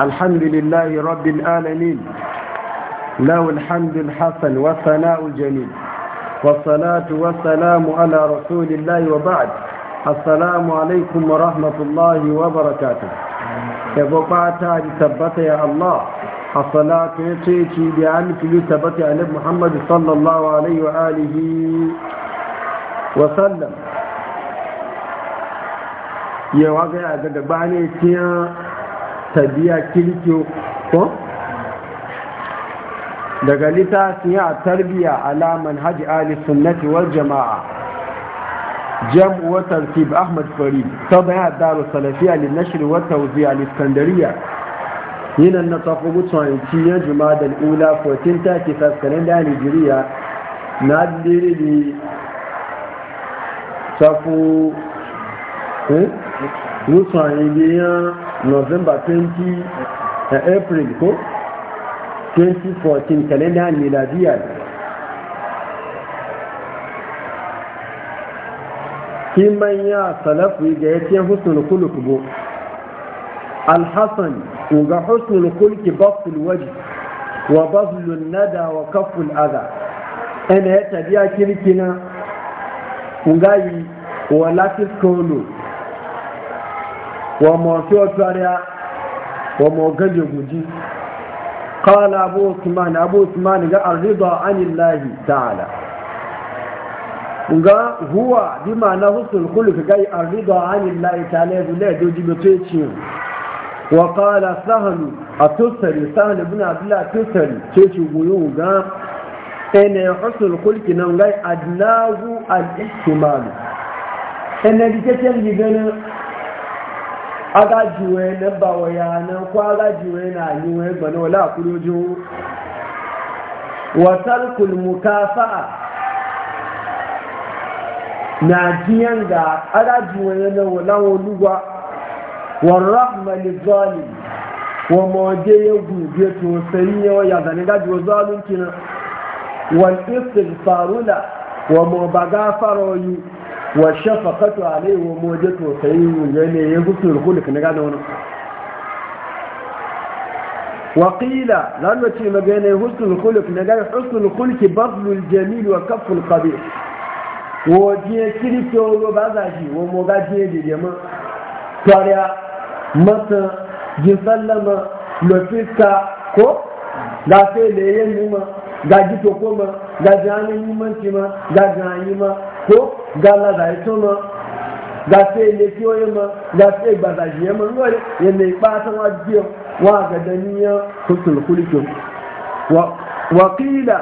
الحمد لله رب العالمين له الحمد الحسن والثناء الجميل والصلاة والسلام على رسول الله وبعد السلام عليكم ورحمة الله وبركاته يبقى ثبت يا الله الصلاة يتيتي بعمك لثبت على محمد صلى الله عليه وآله وسلم يوغي أدقباني تيان tabiya kirkiyo ko daga littafin a tarbiya alaman hajji ali sunnati wal jama'a jam'u wa tartib ahmad Fari. tabi'a daru salafiya lin nashr wa tawzi'a a iskandariya yinan na tafi mutuwan ciyar juma'a ula 1435 kalenda nigeria na diri tafi lóṣù àyèyè yán november 20 eh, april kó 2014 kẹlẹ́ndà nílàdíyà kí manya ẹ̀ ga ya hùsùn husnul kuluk bo alhassan ga husnul kulki baful waji wa baful nada wa kaful adha ana ya tabiya kirkina ngayi wa latif kolo wọ́n mọ̀ tí ó sọ́rẹ́ à wọ́n mọ̀ gẹ́gẹ́ gùnjí kọ́lá abu osman abu osman ga arzido anilahi ta'ala ga huwa bí ma na hussul kulik ga arzido anilahi ta'ala yadda ya dojú bí tó ci wa a tussari sahanu bin abdullahi a tussari ga ene nan ga ene Aga agajiwe na bawaya nan ko aga agajiwe na yi wani gbana wala a kurojin watar kulmukafa na jiyan ga agajiwe na wala wani oluwa warrahma zoli wa mawaje ya gube to sai yawa waya zane ga gajiwa zalunci na wal istighfarula wa mabaga faroyi wa shafaqatu alayhi wa mujatu sayyi gane ya gusul khulq na gane wannan wa qila lan wa ci magane husnul khulq na gane husnul khulq badlul jamil wa kaful qabih wo je kirito lo bazaji wa mo ga gaje de jama tariya mata jin sallama lo fiska ko da yin leyen numa ga ji to koma ga jani ma ga jani ma ko ga lazari tó mọ ga sí ilé tí ó yẹ mọ ga sí ìgbàdàjì yẹ mọ níwọ̀n yẹn lè pa tó wá bí ọ wọn àgẹ̀dẹ̀ níyàn tó tòlùkúlù tó wàkìlà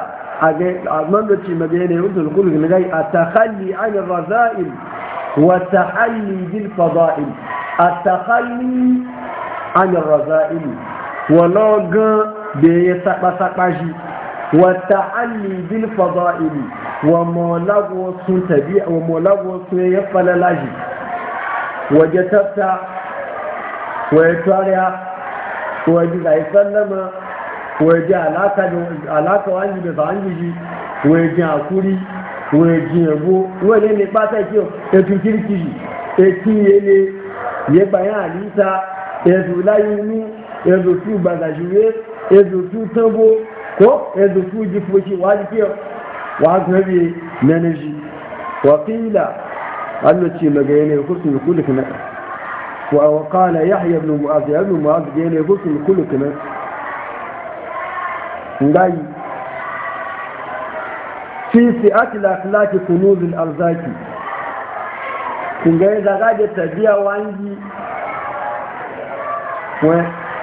àgbọ̀ndọ̀tì mẹ̀gẹ̀yẹ lè tòlùkúlù tó nígbà àtàkàlì àyè rọ̀záìl wàtàkàlì bíl fọ̀dọ̀ìl àtàkàlì àyè rọ̀záìl wọ̀lọ́gán bèèyẹ sápásápá yìí والتعلي بالفضائل ومولغو سن تبيع ومولغو سن يفعل لاجي وجتبت ويتواليا ويجي سلم ويجي علاقة علاقة وانجي بفانجي ويجي عكوري ويجي يبو ويجي نباتا كيو يتوكيري كيجي eti yele yegbanya alisa ezu layinu ezu tu gbadajuwe ezu tu tambo ko yanzu fuji fuji wani ke wani rabe na naji wakila allah ce maga yanayi kusur da kulik na wakala ya hayar da mu'azu ya hayar mu'azu da yanayi kusur da kulik na ngayi fi si'ati lafilaki kunuzin arzaki kun ga yadda ga da tabiya wani wani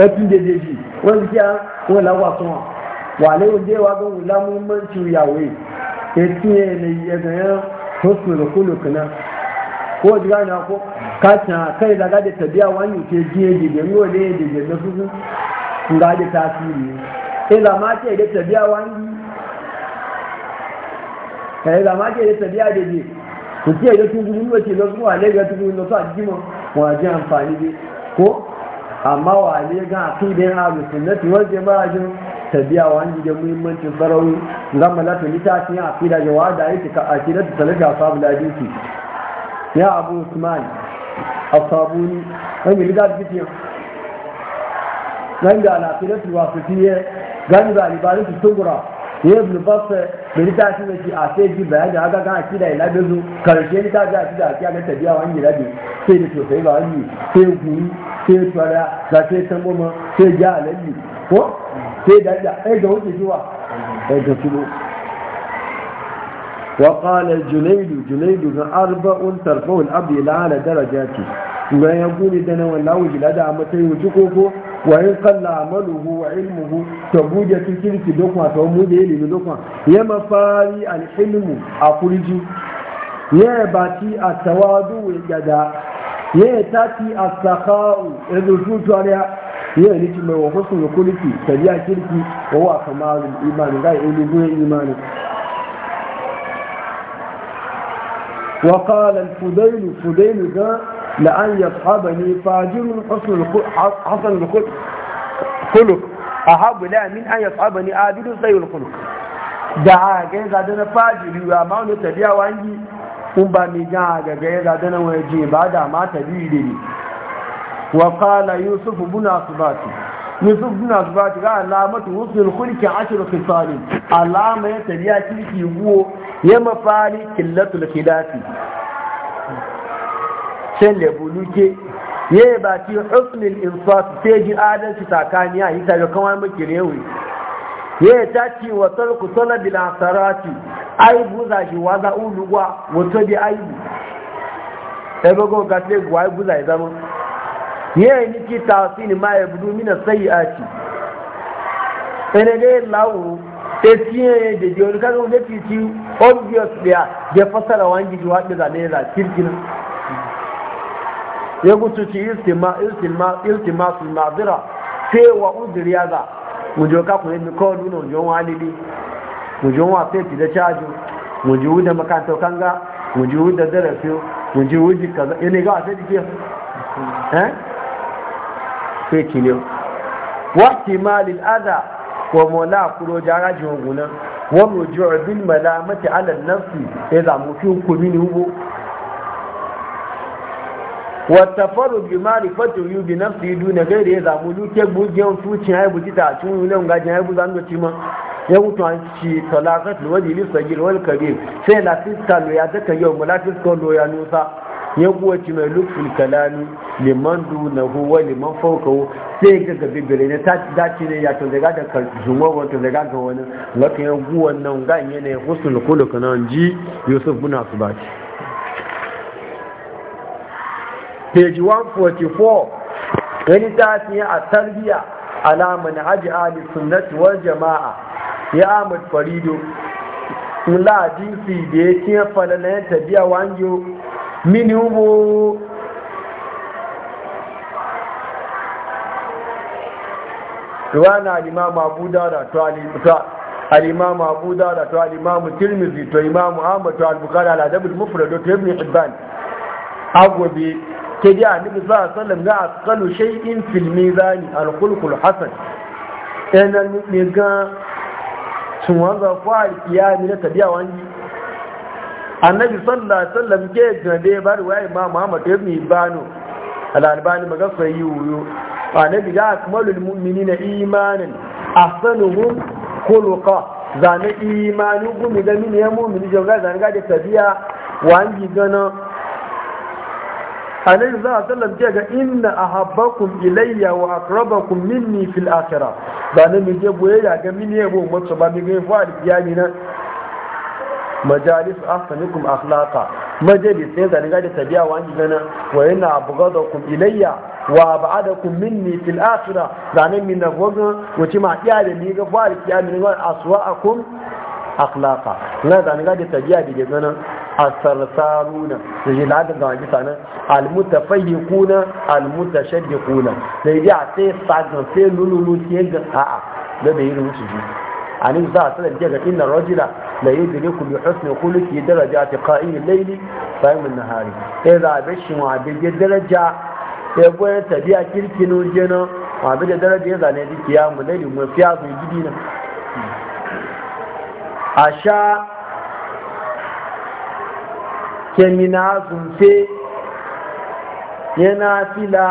sarkin da zai ji wanda ke wani lagwa sun wa lai wanda yawa ga wula muhimmanci yawe ya tiye ne ya ganyen da kulu kana ko ji gane ko kacin kai daga da tabiya wani ke jiye jirgin yau ne ya jirgin na susu kura da tasiri ne zama ce da tabiya wani kai zama ce da tabiya da je ku ce da tubu ne na zuwa ne ga tubu na su a jima wajen amfani ne ko amma wa ne ga aqidin ahlus sunnati wal jama'a jin tabiya wa an da muhimmancin farawi zama lafi litafin wa da yake ka da ta a sabu ladisi ya abu usman asabuni wani riga fitiyo nan ga al-aqidatu wasitiyya gani ba libarin gura. ya ibn baffa da ta da shi a sai ji bayani haka kan akida ila bezu karshe littafi a cikin a ga tabiya wani rabi sai da sosai ba wani sai guri sai tsara da sai tamboma sai ja alalli ko sai da ja ai ga wuce jiwa ai ga kilo وقال الجنيد جنيد بن أربع ترفع الأب إلى أعلى درجاته ويقول دنا والله جلد ko ko wa in qalla amaluhu wa ilmuhu to buje tun kirki dokwa to mu da ilimi dokwa ya mafari al ilmu a kurji ya bati at tawadu gada ya tati as sakha'u idu tutariya ya ni ci mai kirki wa wa kamalul imani ga ilimi imani وقال الفضيل فضيل قال la an yashabani fajirun hasan khuluq ahabu la min an yashabani abidun sayyul khuluq da ga zada na fajiri amma wani tabiya wangi kun ba mi ga ga ga zada na waje ba da ma tabiyi ne wa qala yusuf ibn asbati yusuf ibn asbati ga alamatu husnul khulqi ashru khisal alama ya tabiya kirki guwo ya fari killatul khilafi can da buluke ya yi ba ci husnul insaf sai ji adalci takaniya a yi tare kawai maki rewe ya yi ta ci wa tarku salabil asarati ai buza shi wa za uluwa wato bi aibu sai bago ga sai guwa aibu buza ya zama ya yi niki tasiri ma ya budu mina sai a ci ene e ga lawo yi de jori kaga wanda titi obvious dia je fasara wangi juwa da zane da kirkina ya gutu ci iltimasu ma'azira sai wa uzuri ya za mu ji ka kuma mi kawo nuna mu je wa alibi mu je wa fefi da caju mu ji wujen makanta kanga mu je wuda darafi mu ji wujen kaza yana ga wata dike eh sai ki ne wa ki timalil adha wa mola kuro jaraji wa gunan wa ruju'u bin malamati ala nafsi idza hukumi kumini hubo watafaru bi marifatu yu bi nafsi duna gairi ya zamu luke bugen fucin haibu tita a cikin yunan gajin haibu zan doci ma ya mutu an ci talakat lwaji li sagir wal kabir sai la fiska lo ya da daka yau mu la fiska lo ya nusa ya kuwaci mai lukful kalami liman na hu wa liman fawqahu sai ga gabi bire ne ta dace ne ya to daga da zungo ko to daga ga wani lakin ya guwan nan ga yana husnul khuluq nan ji yusuf bin asbati page 144 wani ta tafiye a tarbiya alamun hajji ali sunnati wal jama'a ya amur farido la jinsi da ya tiye falalayen tabiya wanjo mini ruwa na alimama abuda da to alimama abuda da to alimama tirmizi to imamu ahmad to al-bukhari al-adab al-mufrad to ibn hibban agwabi ta ji annabi a sallam ga askalu shay'in fil mizani al alkulkul hasan ina nufi ga tuwan za fa ne na tabiya wani annabi sallallahu alaihi wasallam ke ya bar wai ma Muhammad ibn Ibanu al-Albani maga sai yuyu annabi ga akmalul mu'minina imanan ahsanuhum khuluqa zane imanu gumi ga min ya mu'mini jonga zane ga da tabiya wangi gana annabi za a sallam ce ga inna ahabbakum ilayya wa aqrabakum minni fil akhirah ba ne mu je boye ya ga mini yabo mutu ba mi ga fa alkiyami na majalis ahsanukum akhlaqa majalis ne zan ga da tabiya wa wani gana wa yana abghadakum ilayya wa ab'adakum minni fil akhirah zan min na gogo wuce ma iya da ni ga fa alkiyami na aswa'akum akhlaqa na da ni gaje tabiya bi da ganan asarsaruna da ji ladan da wani sanan almutafayyiquna almutashaddiquna da ji a sai sagan sai lululu ke ga a'a da bai yi rubutu ji ani za su da ga inna rajula la yudriku bi husni khuluqi darajati qa'im al-layli sa'im an-nahari idza eh, bashi wa bi daraja ya eh, goyen tabiya kirkinu jeno wa bi daraja ya zane dikiya mu laili mu fiya bi gidina a sha kemina zunfe yana fila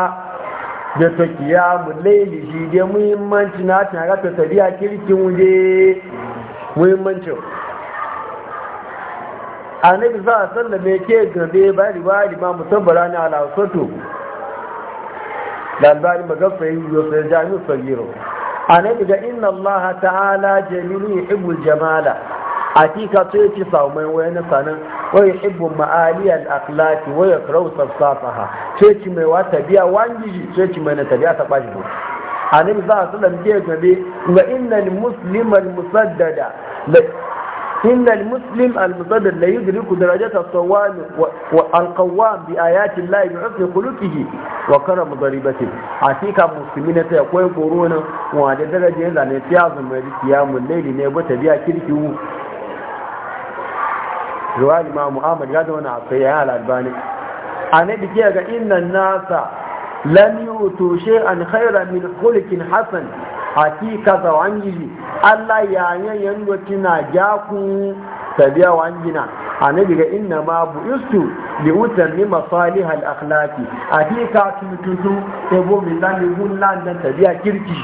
da tafiya, mu laili shi dai muhimmanci na tana ta tabiya kirkin wuje muhimmancin annabi za a sallame ke gabe bari bari ma musabbara ne ala soto dalbari magafa yi yau sai jami'u sagiro annabi ga inna allaha ta'ala jamilu ibu jamala hakika to yake samu mai na sanan wa yuhibbu ma'ali al-akhlaq wa yakrahu safsafaha to mai wa tabiya wangiji to yake mai na tabiya ta bashi ko annabi za su dan ya gabe wa innal muslima al-musaddada إن المسلم المصدر لا يدرك درجة الصوام والقوام بآيات الله بحسن خلقه وكرم ضريبته عتيك مسلمين تقوي قرونا وعلى درجة لأن يتعظم القيام الليل نيبوت بها كركه riwayar ma ahmad ya zama na akwai yayin al'albani a na biki ga inna nasa lam yutu shay'an khairan min khulqin hasan hakika za wangiji Allah ya yayin yando kina jaku tabiya wangina A annabi ga inna ma buistu li utammi masalih al akhlaqi hakika tututu ebo min lan yugun lan tabiya kirki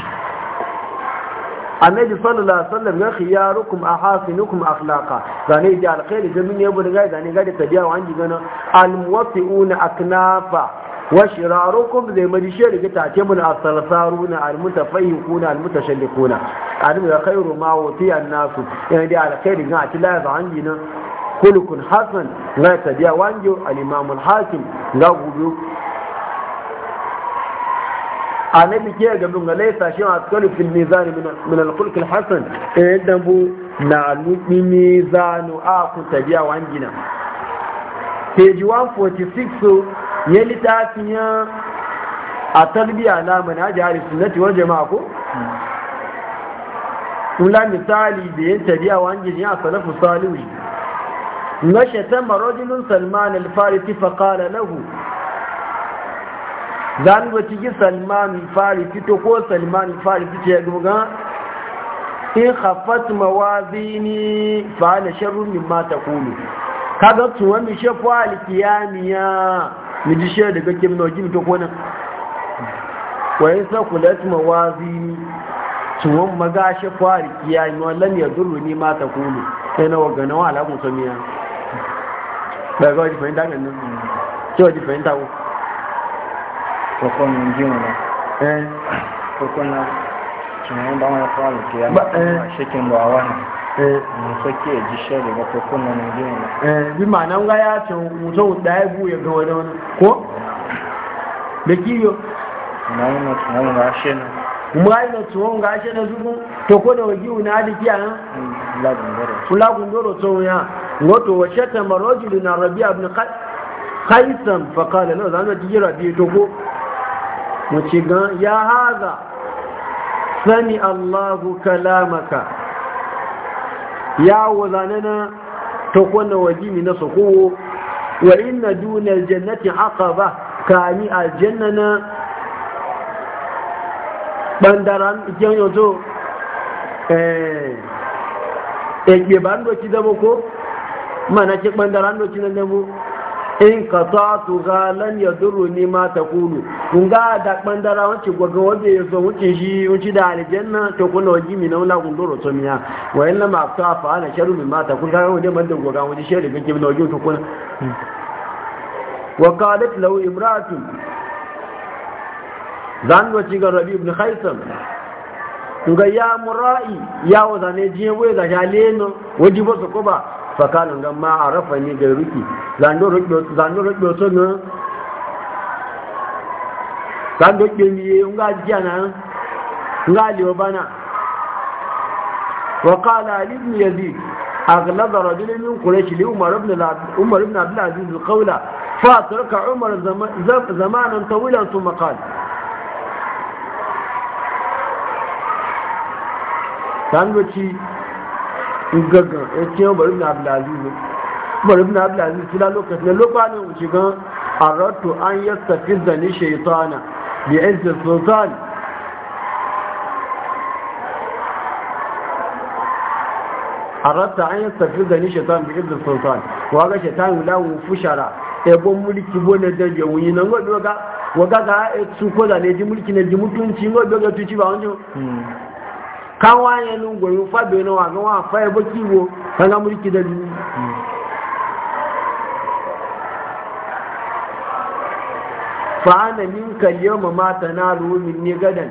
annabi sallallahu alaihi wasallam ya khiyarukum ahasinukum akhlaqa zane ji alkhair da min yabo daga zane ga da tabiya wa anji gana almuwaffiuna aknafa wa shirarukum zai madi shi daga take mun asalsaruna almutafayyiquna almutashallikuna alim ya khairu ma wutiya nasu yana da alkhairi ga ati la za anji nan kulukun hasan ga tabiya wa anji alimamul hakim ga gubu annabi ke ga mun lai sashi a tsari fil mizan min al khulq al hasan eh dan bu na lubi mizanu a ku tabiya wangina page 146 ya litafiya a talbiya na manhaji ahli sunnati wal jamaa ko kula misali da yin tabiya wangina a salafu salihu نشتم salman سلمان الفارسي فقال له zan go ci salman fari fito ko salman fari fito ya guga in khaffat mawazini fa ana sharrun mata taqulu kaga tuwa mi shefu alkiyamiya mi ji she daga kimno jimi to kona wa in sakulat mawazini tuwa maga shefu alkiyami wallan ya duru ni mata Kulu. sai na wagana wa alamu samiya daga wajen fahimta ganin cewa wajen fahimta ko kọ̀ọ̀kan ní jí wọn kọ̀ọ̀kan náà kì wọ́n bá wọn fọ́ àlùkè yá ṣé kí n bọ̀ àwa nà mo sọ kí ẹ jíṣẹ́ rẹ̀ lọ́pọ̀ kó nà ní jí wọn. bí màá náà ń gáyà tí mo tó ń da ẹ bú yẹ gan wọn da a ya wato wace tamar rajulu na rabia abin kaisan fakala na zanen jiki rabia toko wace gan ya haza sani allahu kalamaka ya wazane na ta kwanna wajimi na sokowo wa inna duniyar jannatin aqaba kani aljanna na bandaran ikiyan yanzu eh egbe ba ndo ci dabo ko mana ke bandaran ndo ci na dabo in ka sa tu galan ya duru ni ma ta kulu kun ga da bandara wace gwaga wanda ya zo wuce shi wuce da aljanna to kuna waji mi na wala kun doro to miya wa illa ma ta fa ana sharu mi ma ta kun ga wanda man da gwaga wuce shari bin kibna waje to kuna wa qalat lahu imra'atu zan ga rabi ibn khaisam ga ya murai ya wa zane jiye wai ga jaleno waji ba su ko ba fakalin gan ma a rafa ne ga ruki zando rukpe ruki na zando kpemiye nga jiya na nga liobana وقال علي رجل من قريش لأمر بن أمر بن عبد العزيز القول فأترك عمر زمانا طويلا ثم قال كان gaggan ya ce yawon bari na abdulaziz ne bari na abdulaziz tula lokaci na lokacin wuce gan aratu an yi tafi da ni shaitana bi aizir sultan aratu an yi tafi da ni shaitana bi aizir sultan wa ga shaitan wula wufu shara ebon mulki bone da je wuyi nan gobe waga waga ga su ko da ne ji mulki ne ji mutunci gobe ga tuci ba wanjo kan waye nun goyi fa be no ga wa fa baki wo kaga mulki da duniya. fa ana min kal yawma ma tanalu min ni gadan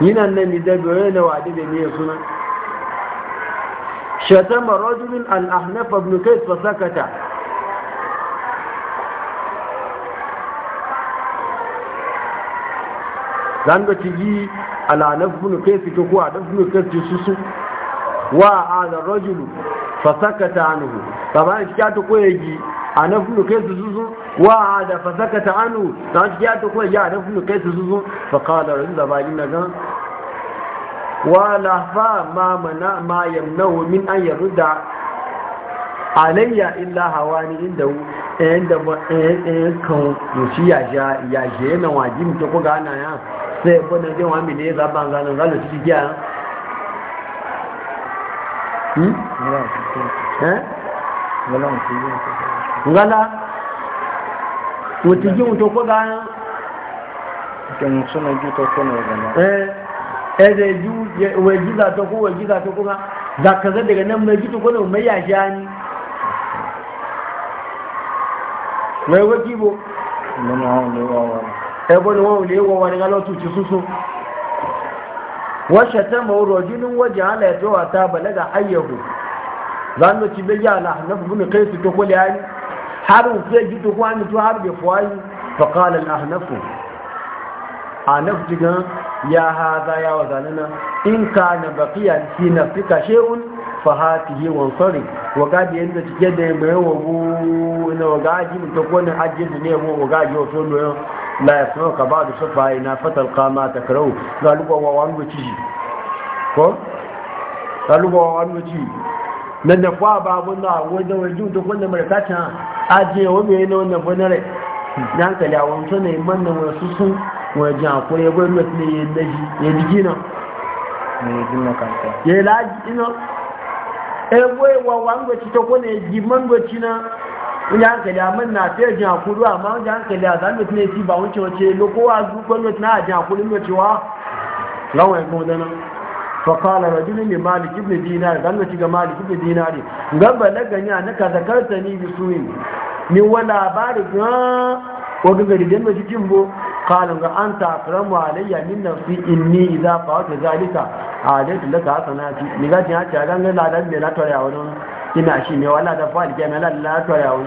yinan nan mi da goyi na wadi da ne suna shatama rajulun al ahnafa ibn kays fa sakata zan da yi ala nafnu kai su kuwa a nafnu kai su susu wa ala rajulu fasakata anhu kama shi ta ko yaji a nafnu kai su su wa ala fasakata anhu zan ta ko yaji a nafnu kai su su fa qala rajul da bani na gan wala fa ma mana ma yamnahu min an yarda alayya illa hawani inda ɗayan da ɗayan kan yoshi ya je na wajin ta ko gana ya sai bane je wa mi ne za ban ga nan galo ci giya hmm eh ngala ko ga kan suna ji to ko ne ga eh, eh ju we ji za to ko we ji za to ko ga za ka za daga nan mai ji to ko ne mai ya hau ne ẹgbọ́n ni wọ́n lè wọ́n wà ní gálọ́tù ti súnsún wọ́n ṣẹ̀tẹ́ mọ̀ ọrọ̀ ojú ní wọ́n jẹ́ àlẹ́ tó àti abẹ̀lẹ́gà a ayẹ̀wò lánàá ti bẹ́ yà láà náà fún mi kéé ti tókó lé ayé harin fún ẹjú ayé tó harin fi fọ́ ayé tọ́kálẹ̀ àhànáfò àhànáfò ti gan ya ha za ya wa zanana in ka na bakiya fi na fi ka she'un fa ha ti yi wa ga cike da mai wa na da la ya suna ka ba da sufaye na fatal kama ta karau galubawa wani wuci ko? galubawa wani wuci na da kwa babu na wajen wajen duk wanda mai kacin ajiye wani yana wannan banare na hankali a wancan ne manna wasu sun wajen akwai ya gwamnati ne ya jiki na ya yi laji ina ebe wa wangoci ta kone jiman goci na wani hankali a man na fiye jin hakuru amma wani hankali a zan mutum ne fi ba wuce wace lokowa gwamnati na jin hakuru ne cewa lawan ya kuma dana fakala rajulun ne malik ibn dinari zan ci ga malik ibn dinari gaba na gani a naka zakarta ni bi suyin ni wa labari ga wani gari da yanzu cikin bo kalin ga an takramu alayya min nafsi inni idza fa'ata zalika alayka laka hasanati ni ga jin haka a ladan me na tare a wani kina shi ne wala da fadi kenan lalla to yawo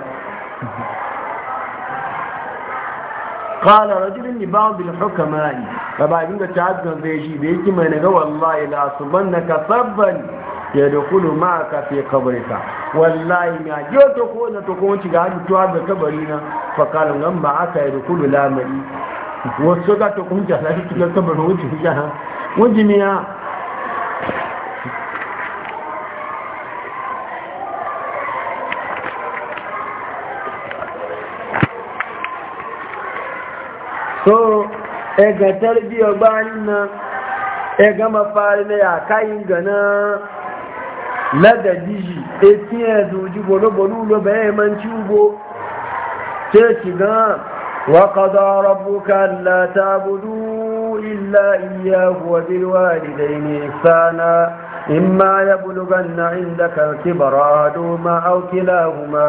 قال رجل لبعض الحكماء فبعدين تعذب بيجي بيجي ما نقول والله لا صبنك صبا يدخل معك في قبرك والله ما جو تكون تكون تقعد تعذب قبرنا فقال لما عسى يدخل لا مري وسوكا تكون جهلا تكون قبر وجه جهلا وجميع so ega tarbiya bayan nan ega mafari na ya kayin gana ladadiji etiye zuji bolo-bolo lo bayan manci ugo ce shiga wa kada rabbuka la tabudu illa iyyahu wa bil walidayni ihsana imma yablughanna inda al-kibra ahaduhuma aw kilahuma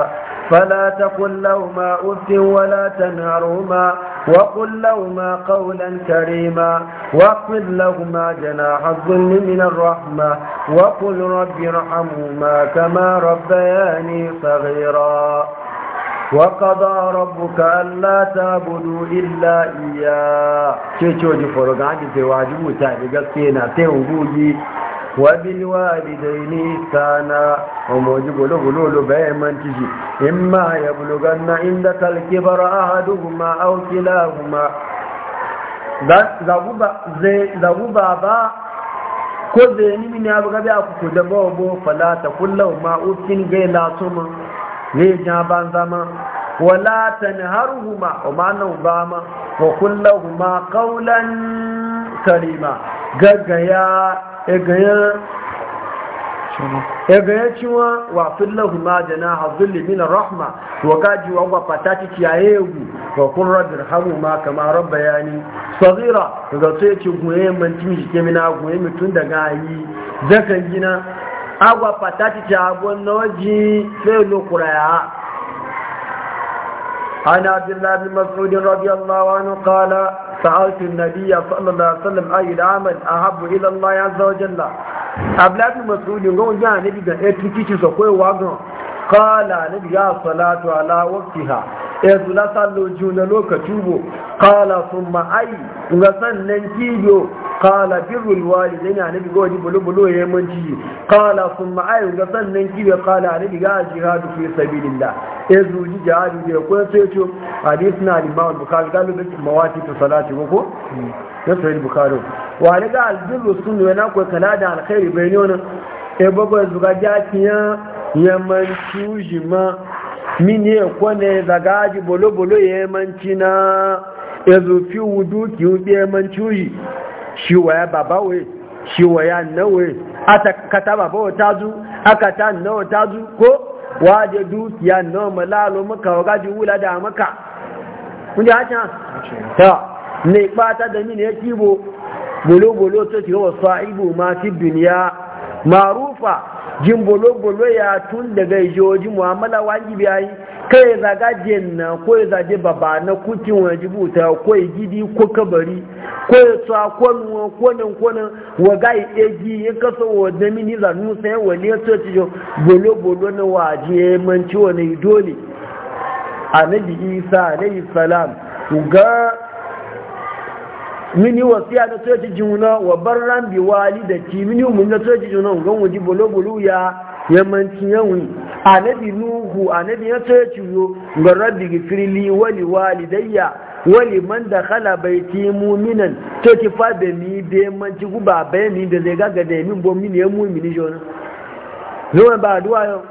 fala taqul lahumā uffin wa la tanharhumā وقل لهما قولا كريما واخفض لهما جناح الظل من الرحمة وقل رب ارحمهما كما ربياني صغيرا وقضى ربك ألا تعبدوا إلا إياه شو شو جفرق عندي تواجبوا تعبقى سينا تنبوجي wabil walidaini sana omoji golo golo lo bay man tiji imma yablughanna inda kal kibara ahaduhuma aw kilahuma da zabuba ze zabuba ba ko ze ni min ya buga ba ku ko da bo bo fala ta kullu ma ukin ge la suma ne ja ban zama wala tanharuhuma o ma na ubama, ma ko kullu ma qawlan kalima gaggaya ya gaya cewa wa fillahu ma jana hazulli min rahma wa gaji wa wa fatati kiyaye gu wa kun rabbi rahamu ma kama rabba yani sagira daga sai ce goye man timi mina goye mutun daga yi zakan gina agwa fatati ta abon noji sai lokuraya عن عبد الله بن مسعود رضي الله سألت النبي صلى الله عليه وسلم أي العمل أحب إلى الله عز وجل أبلا بن مسعود يقول يا نبي قال تكيش سكوي واغن قال نبي يا صلاة على وقتها إذ لا صلوا جون لوك تشوبوا قال ثم أي وسنن ننكيبو qala birrul walidaini annabi ga wani bulu bulu ya manji qala kuma ayun ga sannan kibe qala annabi ga jihadu fi sabilillah ya zuji jihadu da ko sai to hadith na al-imam bukhari ga lokacin mawati ta salati ko na sahih bukhari wa ne ga albirru sun sunna yana ko kala da alkhairi bayani wannan e ya zuga jakiya yaman tujima min ya kone zagaji bolo bolo yaman cina ezufi wudu ki ubi yaman tuji ya baba we shiwa ya nawe aka kata baba ta tazu aka ta nawa tazu ko waje dukiya nawa malalo maka wagaji wula da maka kun ji haka ta ne bata da mini ya kibo bolo-bolo to ki wa sa'ibu ma fi duniya marufa jin bolo-bolo ya tun daga ijoji mu'amala wajibi ayi kai zagaje na ko ya zaje baba na kukin waje buta ko ya gidi ko kabari ko ya tsa ko nuwa ko nan ko nan wa ga yi eji ya kasa wa damini mini za nu sai wa ne tsoci ci bolo bolo na waje man manci wa ne dole annabi isa alayhi salam ga mini wasiya na tsoci juna wa barran bi walidati mini mun na tsoci juna ga waje bolo bolo ya yamanci yawon anabi nuhu anabi ya tsaye ciyo ga rabbi gifirli wali walidayya wali man da bai ti muminan ta ki fa da mi da yamanci ku guba bayan mi da zai gaga da yamin bo mini ya mumini jona zuwa ba duwa yau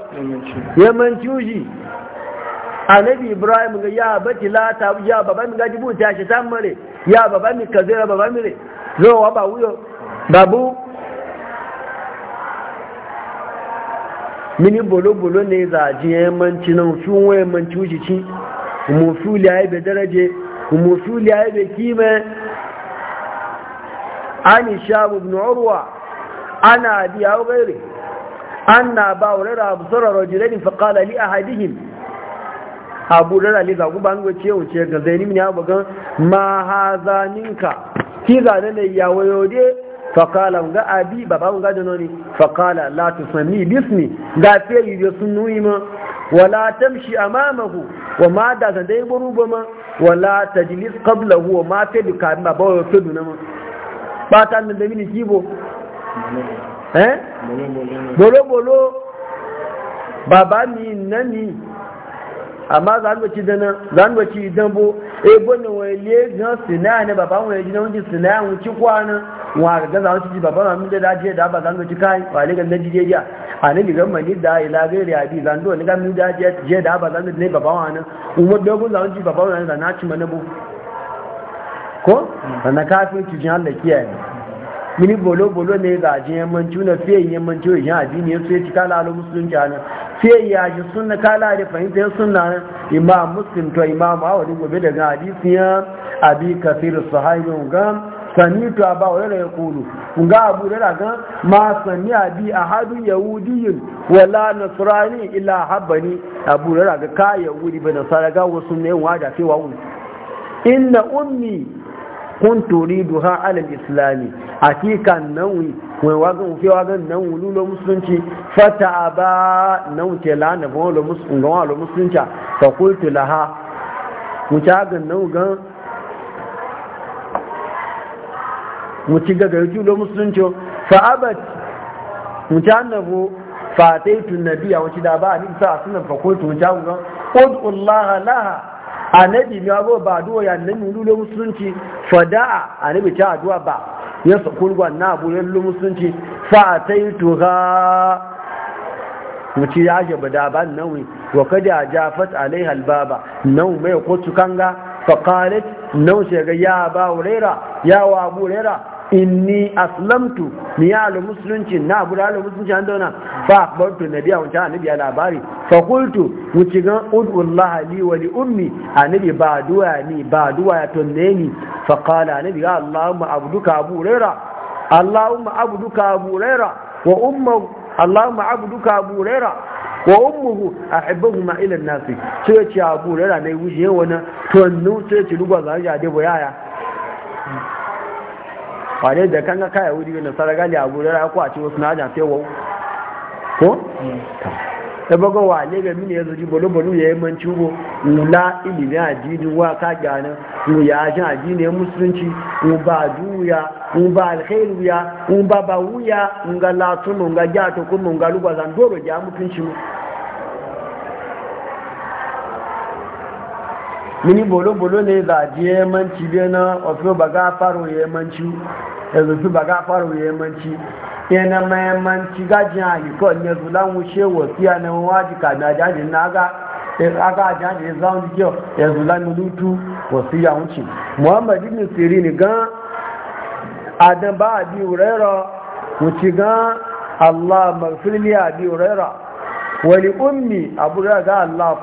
yamanci uji nabi ibrahim ga ya bati lata ya baba mi ga jibu ta shi tamare ya baba mi kazira baba mi zuwa wa ba wuyo babu mini bolo-bolo ne za a ji yammanci nan fi nwa yammanci wucici umofili ya bai daraje umofili ya bai kime an shabu ibn urwa ana biya ya gairi an na ba wurera abu tsara rajulani faƙala li a hadihim abu rara li zagu ba hango ce wuce ga zai mini abu gan ma zaninka ki zane ne ya wayo dai faƙala ga abi baba nga da noni faƙala la tusanni bismi ga fe yi da sun nuyi ma wala tamshi amamahu wa ma da zan dai buru ma wala tajlis qablahu wa ma fe duka ma ba wa fe dunama ba ta nan da mini kibo eh bolo bolo baba mi nani amma za mu ci dana za mu ci dambo e bonin wai le gan sina ne baba mu ji nan ji sina mu ci kwana wa ga gaza wasu ji babban amin da dace da ba zan ci kai wa ne ganna ji jiya a ne ga mani da ila gairi bi zan do ne ga min da je da ba zan ne babban wani umma da go zan ji babban wani da na ci mana bu ko na kafin ci jin Allah kiyaye mini bolo bolo ne ga jin yammanci na fiye yammanci wa jin addini ya sai cika lalo musulunci ana fiye ya ji sunna kala da fahimtar sunna imam muslim to imam awali gobe daga hadisi ya abi kafir sahabi gam sani to ba wa ya kulu ga abu da gan ma sani abi ahadu yahudiyin wala nasrani illa habani abu da ga ka yahudi ba nasara ga wasu ne wa da wa wuni inna ummi kun turidu ha alal islami hakika nawi wai wagan fi wagan nan lo musulunci fata ba nan ke lana ba wala musulunci ga wala musulunci fa qultu laha mutagan nan gan muci gaga yau kilo musulunci fa abat muci annabo fa taitun nabiya wace da ba a nisa a sunan to muci annabo udullaha laha annabi ya go ba duwa ya nan lulo musulunci fa da'a annabi ta addu'a ba ya sakul gwan na abu lulo musulunci fa taitu ha ci ya ga bada ban nawi wa kada jafat alaiha albaba nau mai ko kanga fa qalat nau shega ya ba urera ya wa abu inni aslamtu ni ya alu musulunci na abu da alu musulunci an dauna fa akbartu nabi an wancan annabi a labari fa kultu wuce gan udullah li wa li ummi anabi ba duwa ni ba duwa ya tonne ni fa qala annabi ya allahumma abduka abu raira allahumma abduka abu raira wa ummu allahumma abduka abu raira wa ummuhu ahibbahuma ila an-nasi sai ya ci abu raira ne wuce wani tonnu sai ya ci lugwa zan de boyaya yaya wane da kan ga kaya wuri wani saragali a gurin ko a cikin suna ajan fewa ko ta bago wane ga mini ya zuji bolo bolo ya yi manci ugo nula ilimin addini wa ka gane mu ya jin addini ya musulunci mu ba duya mu ba alkhairu ya mu ba ba wuya mu ga latunan ga mu ga doro ya mutunci mu mini bolo-bolo ne za ji yamanci biya na ba ga faru yamanci yanzu fi ba ga faru yamanci yana mayamanci gajin aliko ne su na waji ka na jaji na aga e, aga ya zaun ji kyau yanzu lan lutu wasiya wuce muhammad ibn sirin gan adam ba abi uraira wuce allah ga allah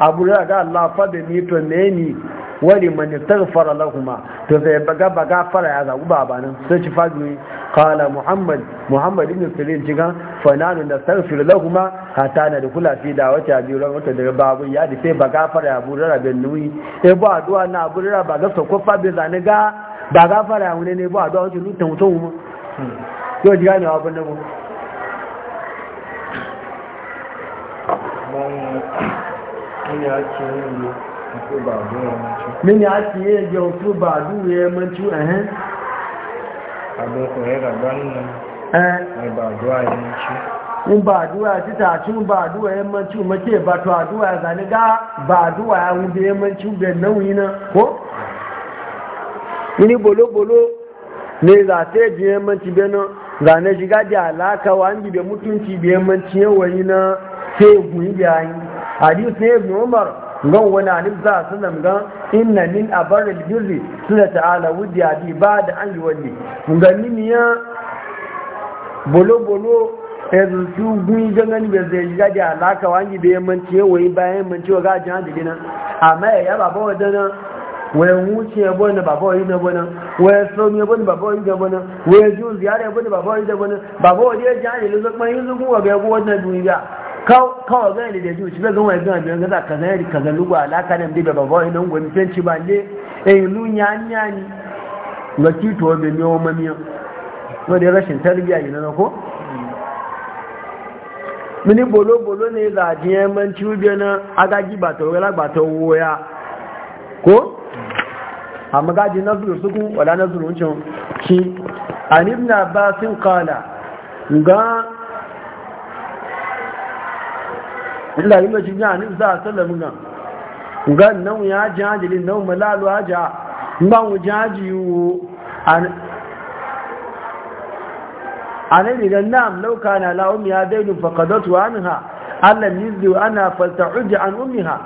abu da ga Allah fa da ni to ne ni wani man taghfara lahuma to sai baga baga fara ya zagu babanin sai ci fadi kala muhammad muhammad ibn sirin jigan fa nanu da taghfir lahuma hata na da kula fi da wata biyu ran wata daga babu ya da sai baga fara ya buru da ben nui e ba duwa na buru da baga so ko fa be zani ga baga fara ya wune ne ba duwa wata lutan wutan mu yau ji gane abun da mu mini a ti yẹ jẹun tó bá àdúrú yẹ mọ́tú ẹ̀hẹ́n àgbẹ̀kọ̀ẹ́ ràgbá nínú ẹ̀bàdúrà yẹ mọ́tú in ba duwa ta tun ba duwa yammanci mace ba to a duwa ya zane ga ba duwa ya ya yammanci ga nauyi na ko ini bolo bolo ne za ta yi yammanci beno zane shiga da alaka wa an gibe mutunci da yammanci yawon yi na sai gunyi da yi hadith ne ibn umar gan wani alif za su nan gan inna min abaril birri suna ta'ala wudi abi ba da an yi wani gani ya bolo bolo yanzu su guni gangan bai zai yi gadi alaka wani da yammanci yawai bayan yammanci wa gajin hajji nan amma ya yaba ba wadana wayan wuce ya bane baba yi da bane wayan sauni ya bane baba wani da bane wayan ju ziyara ya bane baba wani da bane baba wani ya ji hajji lizakman yin zugun wa bai kuwa wannan duniya Kawo zai da jiwu cibe zan zama gan biyan gaza ka zai ka zan lugu alaka ne da babawa babba ina ngwani fenci ba ne eh lu nyanya ni ga kito be mi o mamiya no da rashin tarbiya ina na ko mini bolo bolo ne za ji man cibe na agaji ba to wala ba to woya ko amma gaji su suku wala na uncin shi an ibn abbas qala ga illa yi mace ya ni za a sallamin nan ga nan ya ji hajjilin nan malalu haja ba mu ji hajiyu a nan daga nan lauka na la'um ya daidun fakadatu anha allah nizu ana falta hujja an ha?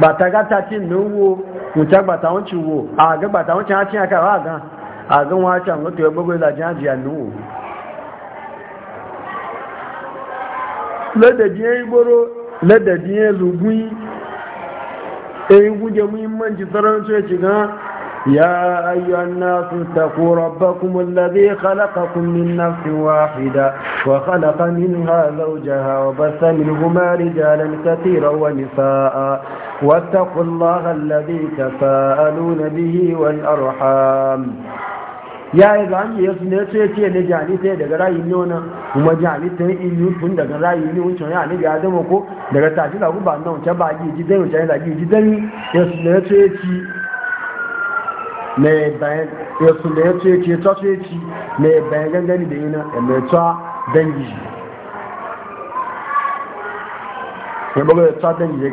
ba ta gata cin nan wo mutar ba ta wancin wo a ga ba ta wancin hacin aka ba gan a gan wacan wato ya gbogbo da ji a nan wo lọ́dẹ̀ jẹ́ ìgbóró ladadi ya zugui ɗayin guje muhimmanci tsaron su ya shiga ya ayyuan nasu taku rabbakum alladhi khalaqakum min nafsin wahida wa khalaqa minha zawjaha wa bassa minhuma rijalan kathiran wa nisaa wattaqullaha alladhi tasaaluna bihi wal arham ya yi ga hanyar yasu ne sai ce ne jani sai daga rayu ne wani kuma jani ta yi ilu tun daga rayu ne wancan ya ne ya dama ko daga tashi da ba nan wancan ba ji ji dai wancan ya ji ji dani yasu ne sai ci mai bayan yasu ne ce ta ci mai bayan gangani da yana ya mai ta dangi shi ya ta dangi ya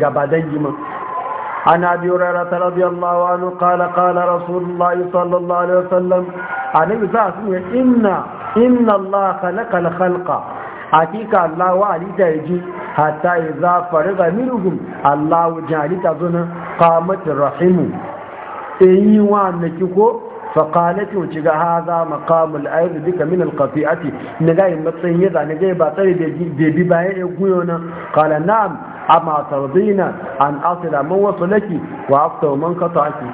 ga ba dangi ma عن أبي هريرة رضي الله عنه قال قال رسول الله صلى الله عليه وسلم عن النبي صلى إن إن الله خلق الخلق حقيقة الله وعلي تأجي حتى إذا فرغ منهم الله جعلي تظن قامت الرحيم إي إيوان نكيكو فقالت وجه هذا مقام الأيض بك من القطيعة نجاي متصيدا نجاي باطل بيبي باي قال نعم amma tardina an asila man wasu laki wa afta man kata aki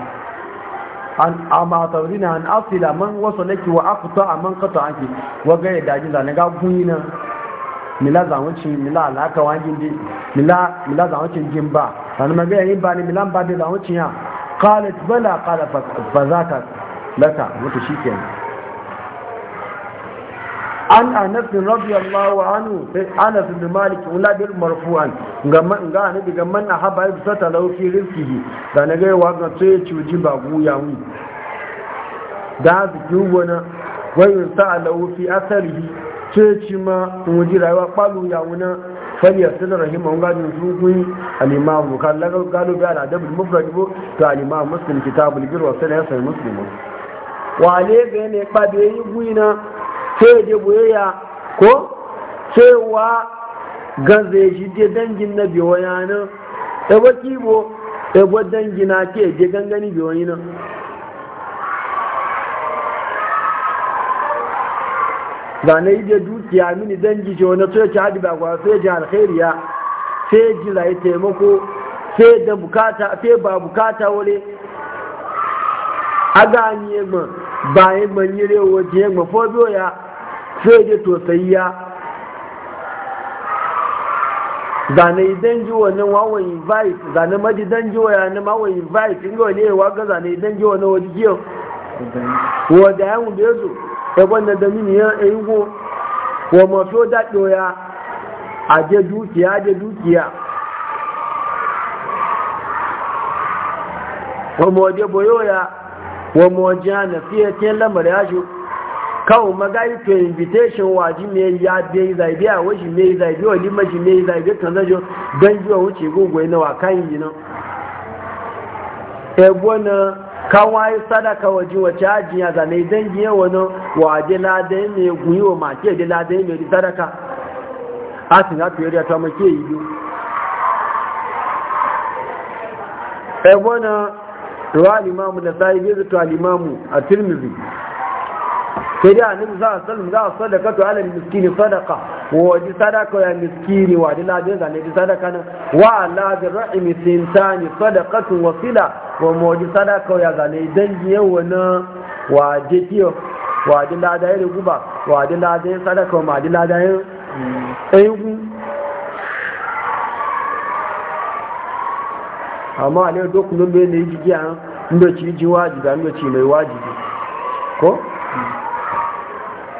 amma tardina an asila man wasu laki wa man aki wa ga yadda ji zane ga guyina mila zamanci mila alaka wangin di mila mila jin ba ba ni ba da ya qalat laka mutu an anas bin radiyallahu anhu sai anas bin malik wala bil marfu'an ga man ga ne daga man ahaba ya sata lauki rizki da na gaiwa ga sai cuji ba guya mu da zuki wona wayin sa lahu fi asarihi ce ci ma muji rayuwa kwalu ya wuna fali yasin rahimahu gadin zuwi al-imam kallaga galu bi al-adab al-mufrad bu to al-imam muslim kitabul birr wa sunan muslim wale ga ne kwabe yi guina sai da boyayya ko cewa ganze shi je dangin na biyo yanin ebo kibo ebo dangina ke je gangani biyo yi nan ba na yi da dukiya mini dangi ce wani sai ci hadi ba kwa sai ji alkhairiya sai ji zai taimako sai da bukata sai ba bukata wale a gani ma ba yagba yi rewa ji yagba fobiyo ya sai je to sai ya zane idan ji wani wawan invite zane maji dan ji wani na mawan invite inga wani yawa ga zane idan ji wani wani jiyo wadda ya mu bezo ya wanda da mini ya ko wa maso daɗo ya aje dukiya aje dukiya wa mawaje boyo ya wa mawaje na fiye tiyan lamar ya shi kawo magayi to invitation ji me ya be zai biya waji me zai biya lima maji me zai biya kan zajo dan biya wuce gungoyi na wakan e yi nan ebo na kawai sadaka waji wace ajiya da mai dangi yawa nan waje ladai mai guyi wa make da ladai mai sadaka a sun ya fiye da ta make yi biyu ebo na ruwa alimamu da sai biyu zuwa alimamu a tirmizi sai za a sallam za a sadaka to alal miskini sadaka wa ji sadaka ya miskini wa ji ladin zane ji sadaka nan wa ala bi ra'imi sintani sadaqatu wa sila wa mu ji sadaka ya zane dangi yawa na wa ji kiyo wa ji ya guba wa ji ya sadaka wa ma ji ladayin ayyuku amma ne dokunan bai ne yi jigiya ndoci ji wajibi ndoci mai wajibi ko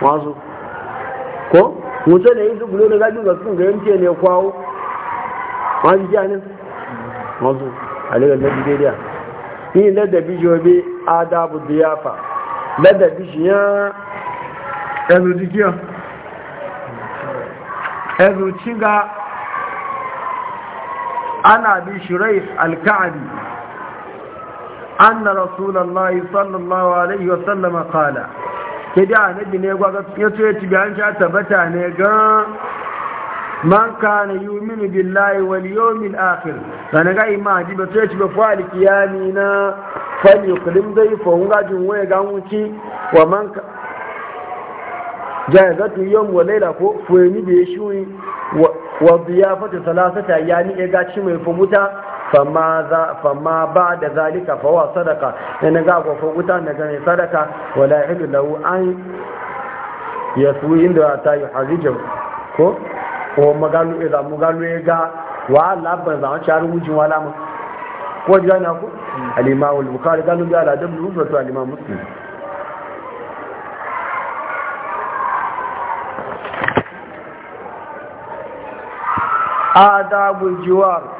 wazo ko mutum da yi duk da gajin ga sun ga yanke ne kwawo wazo ji anin wazo a daga nigeria yin ladabi jobe adabu diyafa ladabi shi ya ẹrù dídíọ̀ ẹrù ana bi shirai alka'adi an na rasulallah sallallahu alaihi wasallama kala ke da annabi ne gwaga ya so ya ci bayan sha tabbata ne ga man yi min billahi wal yawmil akhir sana ga ima ji ba so ya ci ba fa'al kiyami na fal yuqdim dai fa hunga waya ga wuce wa man ka jazatu yawm wa Laila ko da be shuyi wa salasa ta yani e ga gaci mai fumuta fama ba da zalika fawa sadaka yana ga kwafa wuta na gane sadaka wala ilu lau an ya su inda ta yi harijan ko o magalu zamu galu ya ga wa labar zama cari wujin wala mu ko ji gani ku alimawul bukari galu ya ala dabu rufatu alimam muslim آداب jiwar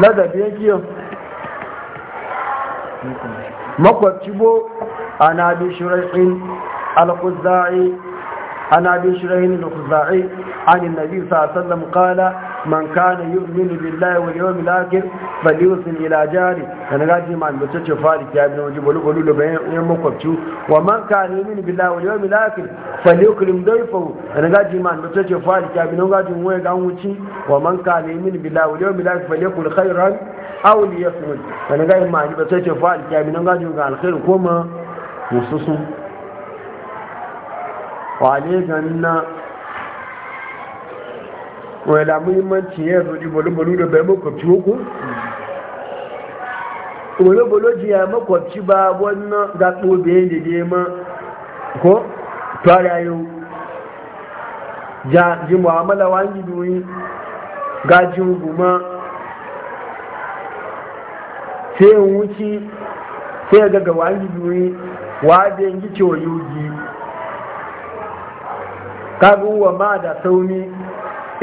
ladabi yake makwabci bo an abi shuraihin al-khuzai an abi shuraihin a khuzai an annabi sallallahu alaihi wasallam qala man kana yu'minu billahi wal yawmil akhir falyusil ila jari kana gaji man da tace fari ya bin waje bolu bolu da bayan makwabci wa man kana yu'minu billahi wal yawmil akhir falyukrim dayfahu kana gaji man da tace fari ya bin gaji waye ga wuci wa man kana yu'minu billahi wal yawmil akhir falyakul khairan aw liyasmut kana gaji man da tace fari ya bin gaji ga alkhair kuma mususun wa ne ganna da muhimmanci ya zo ji bolo-bolo da bai makwabci uku bolo-bolo ji ya makwabci ba wannan zaɓo biyan da nema ko fara yau ji mu'amala wani doyi gajin guma sai yin wuce sai ya gaga wani doyi wadda yin gicewa yogi kaguwa ma da sauni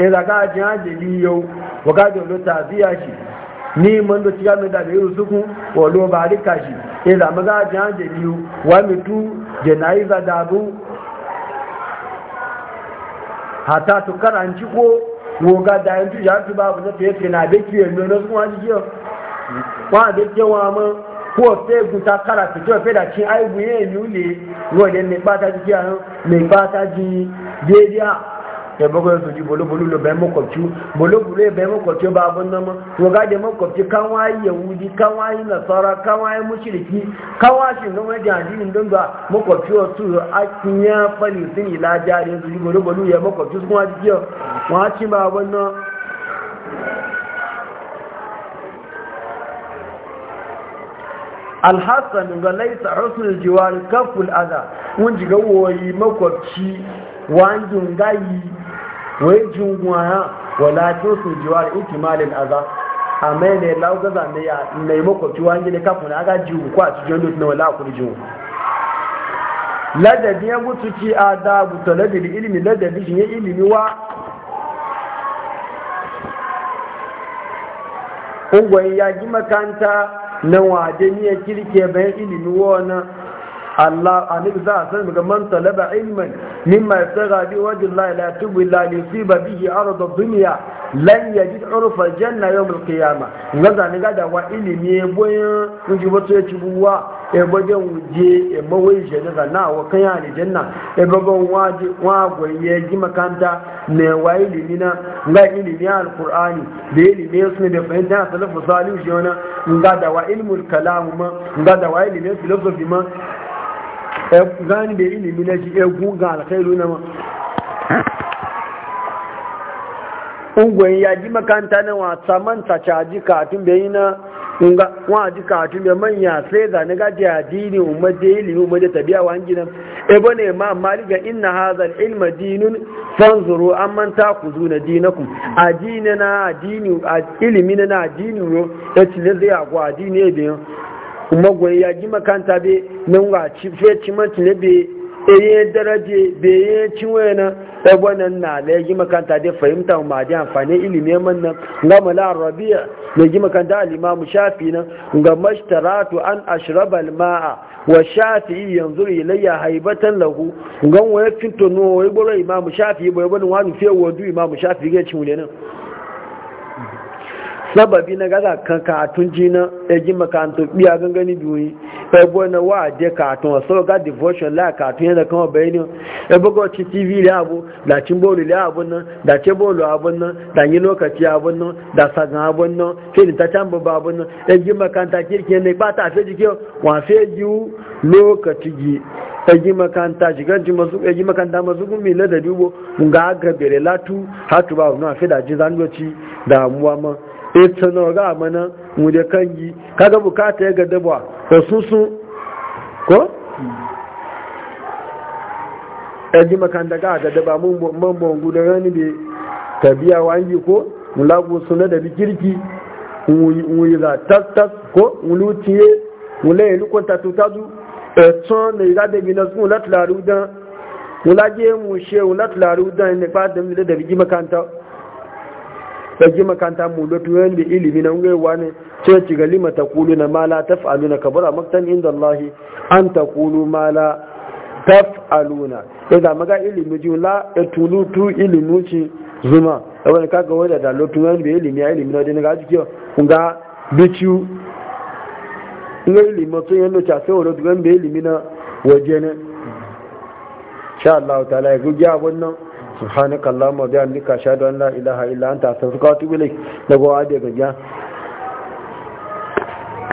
ya zaga ajin ajali yau waga da lo tafiya shi ni man do tiga da da yau suku wa lo barika shi ya da maga ajin ajali yau wa tu janaiza da bu hata to karanci ko woga da yanzu ya tu babu na tayi na da kiyo e no su kuma ji yo wa da kewa ma ko fe guta kara fito fe da cin aibu ye ni ule wo ne ne pata ji an ne pata ji dedia ya bago su ji bolo bolo lo bai makwabci bolo bolo ya bai makwabci ba abun nan ma to ga da makwabci kan wayi yahudi kan wayi nasara kan wayi mushriki kan wayi shin ga jahilin don ga makwabci wa su a kinya fali sun ila jari su ji bolo bolo ya makwabci su kuma ji wa ci ba abun nan alhassan ga laisa husnul jiwar kaful adha mun ji woyi makwabci wangin gayi wai juwaya walakin su jiwar ikimalin aza amma ne laugaza ne ya mai makwabci wa gine kafin na aga jiwu ko a cikin dutse na wala kuri jiwu ladabi ya mutu ci a da buta ladabi ilimi ladabi shi ya ilimi wa ungwayin ya ji makanta na wade ni ya kirke bayan ilimi wa na Allah annabi za a san ga man talaba ilman mimma yasara bi wajhi Allah la tubu illa li yusiba bihi arda dunya lan yajid urfa janna yawm al qiyamah ngaza ni gada wa ilimi e boyan kunji wato ya cibuwa e bojan wuje e mawai jana ga na wa kan ali janna e bogan waji wa goye ji makanta ne wa ilimi na ga ilimi al qur'ani da ilimi sunna da fahimta salafu salihu jona ngada wa ilmul kalam ma ngada wa ilimi filosofi ma gani da ilimi na shi egu eh, ga alkhairu na ma ungoyin ya ji makanta na wata manta caji katun bai na unga ji katun bai manya sai da na gaji addini umma da ilimi umma da tabiya wa hanginan Ebe ne ma ga inna hadha ilma dinun fanzuru amman takuzuna dinakum addini na a ilimi na addini ro ya e cile zai a addini e biyan kuma ya ji makanta be nan ga ci fe ci man ci ne be eye daraje be ye ci wena da wannan na le ji makanta de fahimta ma da amfani ilimi man nan ga mala rabi'a ne ji makanta al-imam shafi nan ga mashtaratu an ashraba al-ma'a wa shafi yanzu ilayya haibatan lahu gan waya fintono wai boro imam shafi bai bani wani fe wadu imam shafi ga ci mu nan sababi na gaza kan katun jina ya e ji makarantun biya gangani biyu ebo na wa de katun so ga devotion la katun yana kan kama bayani ebo ga ci tv da abu da cin bolu da abu nan da ce bolu abu nan da yi lokaci abu nan da sagan abu nan sai ta can ba abu nan ya e ji makaranta kirki ne ba ta fe jike wa fe ji lokaci ji ya e ji makaranta shiga ji masu ya ji makaranta masu gumi na da dubo ga ga bere latu hatu ba wani a fe da ji zandoci damuwa ma ita na ga mana wuje kangi kaga bukata ya ga dabwa da susu ko ɗaji makanda ga ga daba mun bongu da rani da tabiya wangi ko mulagu suna da bikirki wuyi za tas ko wulutiye wule ilu ta tutazu ẹ̀tàn lè ìrádẹ́ ìbìnà fún látìlárú dán wọ́n lájẹ́ mú ṣe òun látìlárú da nípa da bi makanta ɗaji makanta mu lotu yan da ilimi na ngai wani ce ci ga lima ta kulu na mala taf'aluna kabura maktan inda Allah an ta kulu mala taf'aluna idan maga ilimi ji la tu ilimi ci zuma wani kaga wanda da lotu yan da ilimi ilimi na dinga ji ko kun ga biciu ilimi to yan lotu sai lotu yan ilimi na waje ne insha Allah ta'ala ya gugiya wannan subhanakallahumma wa bihamdika ashhadu an la ilaha illa anta astaghfiruka wa atubu ilayk daga wa daga